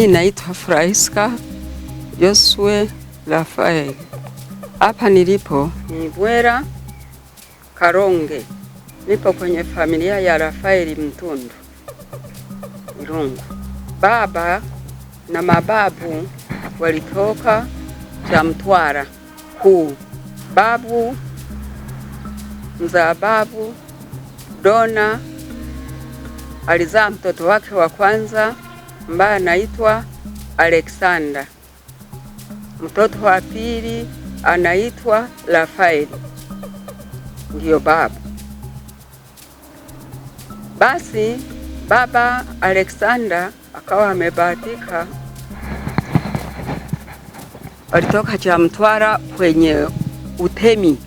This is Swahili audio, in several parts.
Mimi naitwa Fraiska Josue Rafael. Hapa nilipo ni Bwera Karonge, nipo kwenye familia ya Rafaeli Mtundu Irungu. Baba na mababu walitoka cha Mtwara kuu, babu mzaa babu Dona alizaa mtoto wake wa kwanza ambaye anaitwa Alexander. Mtoto wa pili anaitwa Rafael, ndiyo baba. Basi baba Alexander akawa amebahatika, alitoka cha mtwara kwenye utemi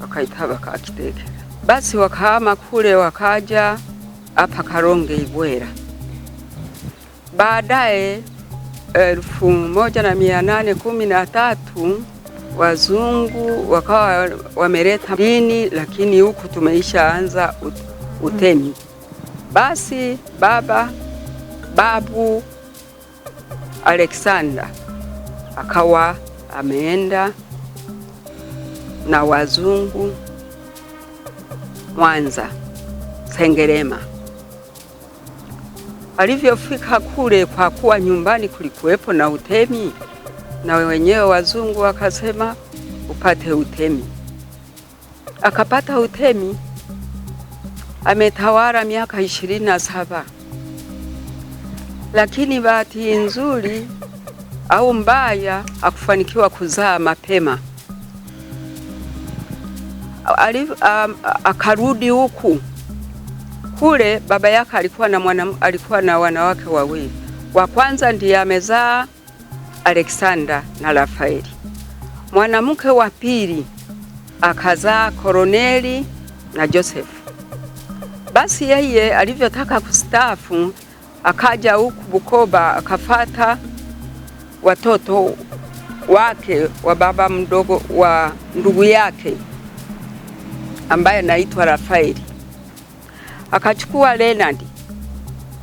wakaitaba Kakitekera. Basi wakahama kule wakaja hapa Karonge Ibwera. Baadaye elfu moja na mia nane kumi na tatu wazungu wakawa wameleta dini, lakini huku tumeishaanza utemi. Basi baba babu Alexander akawa ameenda na wazungu Mwanza Sengerema. Alivyofika kule, kwa kuwa nyumbani kulikuwepo na utemi, na wenyewe wazungu wakasema upate utemi. Akapata utemi, ametawala miaka ishirini na saba. Lakini bahati nzuri au mbaya, akufanikiwa kuzaa mapema. um, akarudi huku kule baba yake alikuwa na mwana, alikuwa na wanawake wawili, wa kwanza ndiye amezaa Alexander na Rafaeli. Mwanamke wa pili akazaa Koroneli na Joseph. Basi yeye alivyotaka kustaafu akaja huku Bukoba akafata watoto wake wa baba mdogo wa ndugu yake ambaye anaitwa Rafaeli akachukua Leonard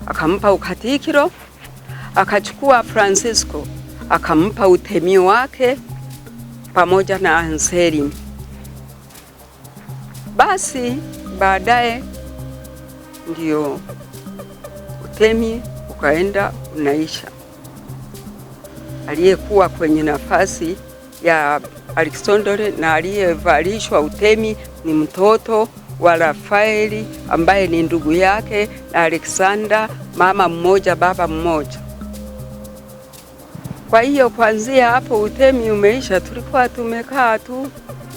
akampa ukatikiro, akachukua Francisco akampa utemi wake pamoja na Anselm. Basi baadaye ndio utemi ukaenda unaisha. Aliyekuwa kwenye nafasi ya Alexandre na aliyevalishwa utemi ni mtoto wa Rafaeli ambaye ni ndugu yake na Alexander, mama mmoja baba mmoja. Kwa hiyo kuanzia hapo utemi umeisha, tulikuwa tumekaa tu.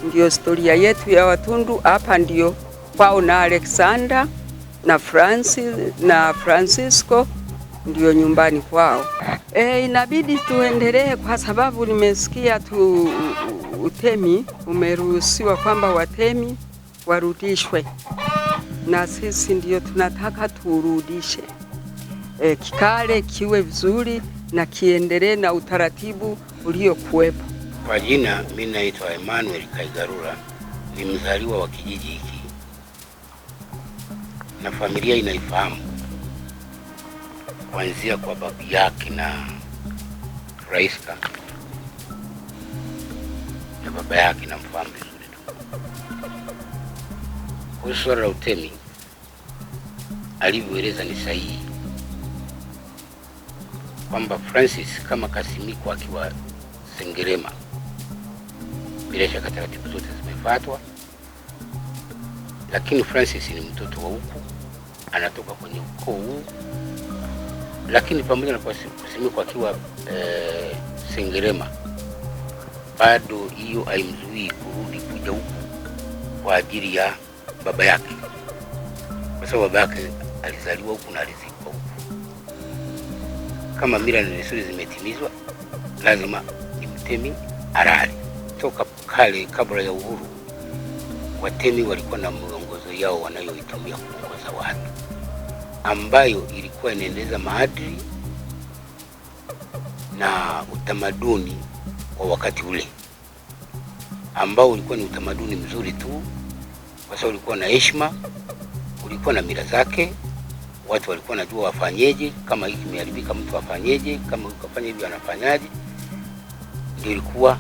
Ndio historia yetu ya Watundu hapa, ndio kwao na Alexander na Francis, na Francisco ndio nyumbani kwao. E, inabidi tuendelee kwa sababu nimesikia tu utemi umeruhusiwa kwamba watemi warudishwe, na sisi ndio tunataka turudishe. E, eh, kikale kiwe vizuri na kiendelee na utaratibu uliokuwepo. Kwa jina mi naitwa Emmanuel Kaigarura, ni mzaliwa wa kijiji hiki na familia inaifahamu kuanzia kwa babu yake na Raiska na baba yake, namfahamu vizuri tu. Kwa suala la utemi alivyoeleza ni sahihi, kwamba Francis kama Kasimiko akiwa Sengerema, bila shaka taratibu zote zimefuatwa, lakini Francis ni mtoto wa huku, anatoka kwenye ukoo huu, lakini pamoja na Kasimiko akiwa eh, Sengerema, bado hiyo haimzuii kurudi kuja huku kwa ajili ya baba yake, kwa sababu baba yake alizaliwa huku na alizikwa huku. Kama mila na desturi zimetimizwa, lazima ni mtemi arali Toka kale, kabla ya uhuru, watemi walikuwa na miongozo yao wanayoitumia kuongoza watu, ambayo ilikuwa inaendeleza maadili na utamaduni wa wakati ule ambao ulikuwa ni utamaduni mzuri tu kwa sababu ulikuwa na heshima, ulikuwa na mila zake. Watu walikuwa najua wafanyeje, kama hiki kimeharibika mtu afanyeje, kama ukafanya hivi anafanyaje. Ndio ilikuwa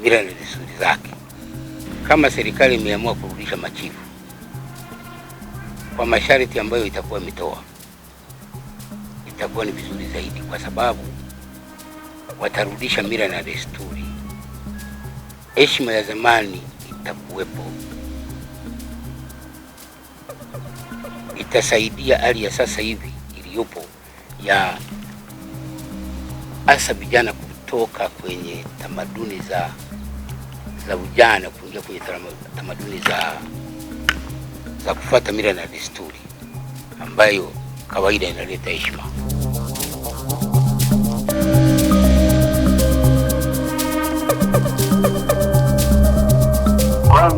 mila na desturi zake. Kama serikali imeamua kurudisha machifu kwa masharti ambayo itakuwa imetoa, itakuwa ni vizuri zaidi, kwa sababu watarudisha mila na desturi, heshima ya zamani itakuwepo itasaidia hali ya sasa hivi iliyopo ya hasa vijana kutoka kwenye tamaduni za za ujana kuingia kwenye tamaduni za za kufuata mila na desturi ambayo kawaida inaleta heshima.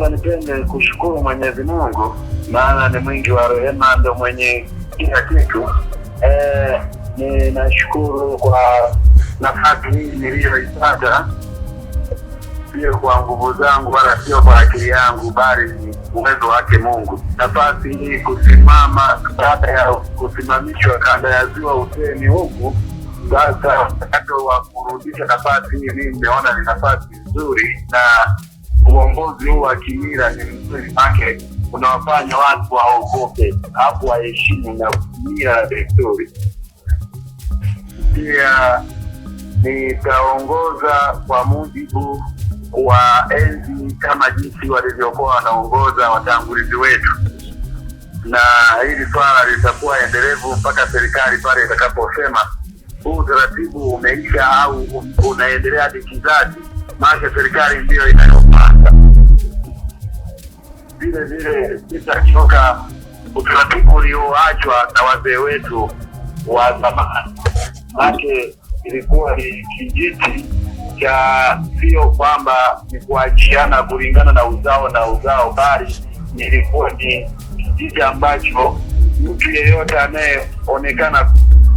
kwanza nipende kushukuru Mwenyezi Mungu, maana ni mwingi wa rehema, ndo mwenye kila kitu. Eh, ninashukuru kwa nafasi hii niliyoipata, sio kwa nguvu zangu wala sio kwa akili yangu, bali ni uwezo wake Mungu. Nafasi hii kusimama baada ya kusimamishwa kanda ya ziwa Useni huku sasa, wakati wa kurudisha nafasi hii, mimi nimeona ni nafasi nzuri na uongozi huu wa kimira ni mzuri pake unawafanya watu waogope hapo waheshimu na kimira na desturi. Pia nitaongoza kwa mujibu wa enzi kama jinsi walivyokuwa wanaongoza watangulizi wetu, na hili swala litakuwa endelevu mpaka serikali pale itakaposema huu utaratibu umeisha au unaendelea dikizaji maake maana serikali ndiyo inayofaa vile vile kutoka utaratibu ulioachwa na wazee wetu wa zamani, make ilikuwa ni kijiti cha sio kwamba ni kuachiana kulingana na uzao na uzao, bali ilikuwa ni kijiti ambacho mtu yeyote anayeonekana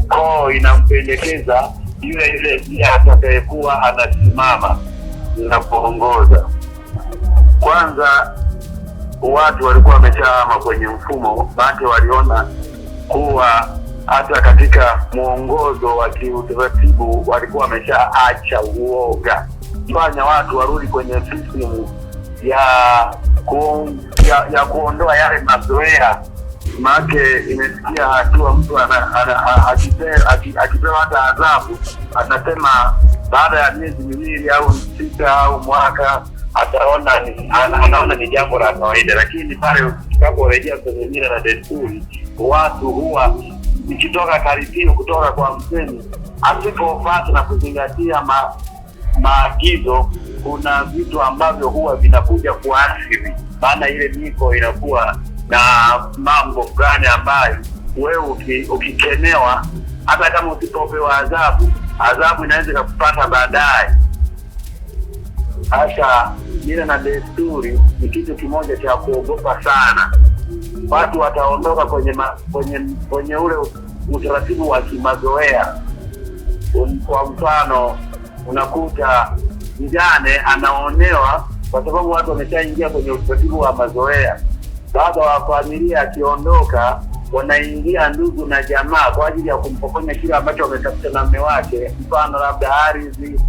koo inampendekeza yule yule pia atakayekuwa anasimama na kuongoza. Kwanza watu walikuwa wameshahama kwenye mfumo, maanake waliona kuwa hata katika mwongozo wa kiutaratibu walikuwa wameshaacha uoga, fanya watu warudi kwenye system ya, ku, ya, ya kuondoa yale mazoea make imesikia hatua mtu akipewa hata adhabu anasema baada ya miezi miwili au sita au mwaka ataona anaona ni jambo la kawaida, lakini pale tunaporejea kwenye mila na desturi, watu huwa ikitoka karipio kutoka kwa msemi asipofata na kuzingatia ma, maagizo, kuna vitu ambavyo huwa vinakuja kuathiri, maana ile miko inakuwa na mambo fulani ambayo wewe uki, ukikemewa hata kama usipopewa adhabu, adhabu inaweza ikakupata baadaye. Hasa mila na desturi ni kitu kimoja cha kuogopa sana. Watu wataondoka kwenye ma, kwenye kwenye ule utaratibu wa kimazoea. Um, kwa mfano, unakuta mjane anaonewa kwa sababu watu wameshaingia kwenye utaratibu wa mazoea. Baba wa familia akiondoka, wanaingia ndugu na jamaa kwa ajili ya kumpokonya kile ambacho wametafuta na mume wake, mfano labda ardhi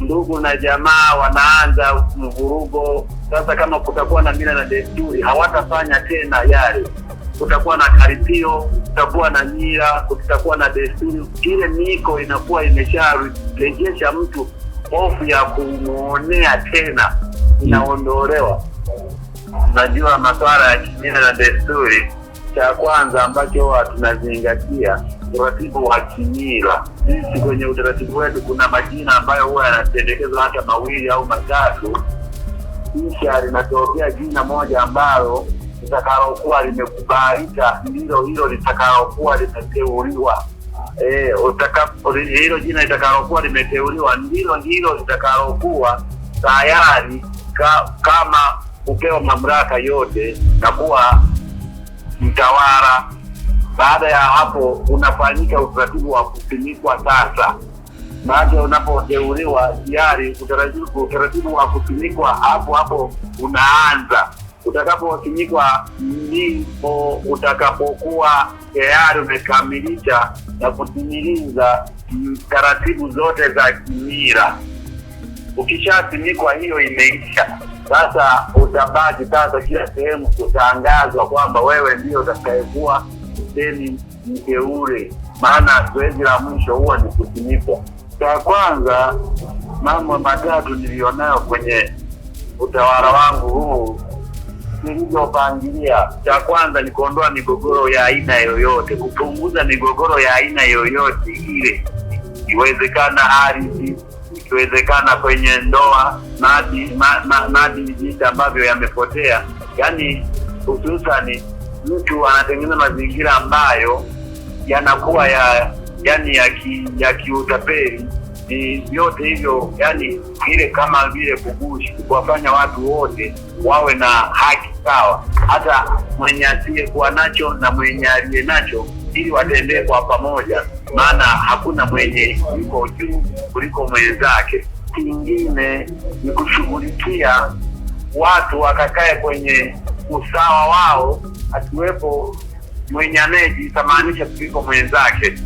ndugu na jamaa wanaanza mvurugo. Sasa kama kutakuwa na mila na desturi, hawatafanya tena yale. Kutakuwa na karipio, kutakuwa na mila, kutakuwa na desturi. Ile miko inakuwa imesharejesha mtu, hofu ya kumwonea tena inaondolewa. Najua masuala ya kimila na desturi, cha kwanza ambacho huwa tunazingatia uratibu wa kimila. Sisi kwenye utaratibu wetu kuna majina ambayo huwa yanapendekezwa hata mawili au matatu, kisha linatokea jina moja ambalo litakalokuwa limekubalika ndilo hilo litakalokuwa limeteuliwa. E, hilo jina litakalokuwa limeteuliwa ndilo hilo litakalokuwa tayari ka, kama kupewa mamlaka yote na kuwa mtawala baada ya hapo, unafanyika utaratibu wa kusimikwa sasa. Maana unapoteuliwa tayari, utaratibu wa kusimikwa hapo hapo unaanza. Utakaposimikwa ndipo utakapokuwa tayari umekamilisha na kutimiliza taratibu zote za kimira Ukishasimikwa hiyo imeisha. Sasa utabaki sasa, kila sehemu kutangazwa kwamba wewe ndio utakayekuwa Acheni mteule, maana zoezi la mwisho huwa ni kusimikwa. Cha kwanza, mambo matatu niliyonayo kwenye utawala wangu huu nilivyopangilia, cha kwanza ni kuondoa migogoro ya aina yoyote, kupunguza migogoro ya aina yoyote ile, ikiwezekana ardhi, ikiwezekana kwenye ndoa, maadili, maadili jinsi ambavyo yamepotea, yani hususani mtu anatengeneza mazingira ambayo yanakuwa ya yani ya ki, ya kiutapeli ni vyote hivyo, yani ile kama vile kugushi, kuwafanya watu wote wawe na haki sawa, hata mwenye asiyekuwa nacho na mwenye aliye nacho, ili watembee kwa pamoja, maana hakuna mwenye yuko juu kuliko mwenzake. Kingine ni kushughulikia watu wakakae kwenye usawa wao asiwepo mwenye anayejithamanisha kuliko mwenzake.